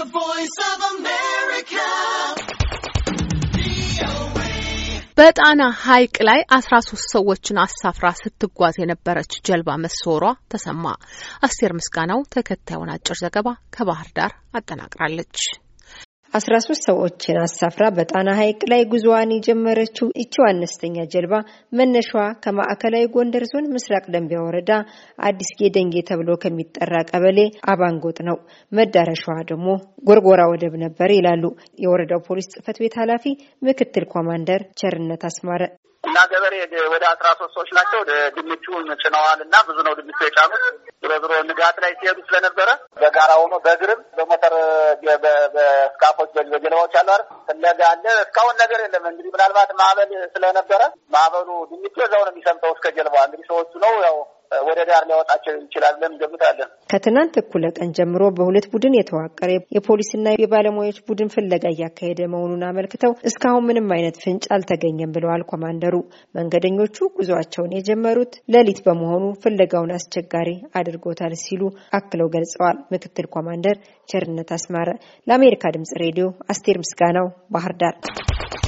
The Voice of America. በጣና ሐይቅ ላይ አስራ ሶስት ሰዎችን አሳፍራ ስትጓዝ የነበረች ጀልባ መሰወሯ ተሰማ። አስቴር ምስጋናው ተከታዩን አጭር ዘገባ ከባህር ዳር አጠናቅራለች። አስራ ሶስት ሰዎችን አሳፍራ በጣና ሐይቅ ላይ ጉዞዋን የጀመረችው ይቺው አነስተኛ ጀልባ መነሻዋ ከማዕከላዊ ጎንደር ዞን ምስራቅ ደንቢያ ወረዳ አዲስ ጌደንጌ ተብሎ ከሚጠራ ቀበሌ አባንጎጥ ነው። መዳረሻዋ ደግሞ ጎርጎራ ወደብ ነበር ይላሉ የወረዳው ፖሊስ ጽሕፈት ቤት ኃላፊ ምክትል ኮማንደር ቸርነት አስማረ እና ገበሬ ወደ አስራ ሶስት ሰዎች ናቸው። ድንቹን ጭነዋል እና ብዙ ነው ድንቹ የጫኑት ንጋት ላይ ሲሄዱ ስለነበረ በጋራ ሆኖ በእግርም በሞተር በስካፎች በጀልባዎች አሉ አይደል ፍለጋ አለ። እስካሁን ነገር የለም። እንግዲህ ምናልባት ማዕበል ስለነበረ ማዕበሉ ድንቼ እዛው ነው የሚሰምጠው እስከ ጀልባ እንግዲህ ሰዎቹ ነው ያው ወደ ዳር ሊያወጣቸው ይችላል ብለን እንገምታለን። ከትናንት እኩለ ቀን ጀምሮ በሁለት ቡድን የተዋቀረ የፖሊስና የባለሙያዎች ቡድን ፍለጋ እያካሄደ መሆኑን አመልክተው እስካሁን ምንም አይነት ፍንጭ አልተገኘም ብለዋል ኮማንደሩ። መንገደኞቹ ጉዞአቸውን የጀመሩት ሌሊት በመሆኑ ፍለጋውን አስቸጋሪ አድርጎታል ሲሉ አክለው ገልጸዋል። ምክትል ኮማንደር ቸርነት አስማረ ለአሜሪካ ድምጽ ሬዲዮ አስቴር ምስጋናው ባህር ዳር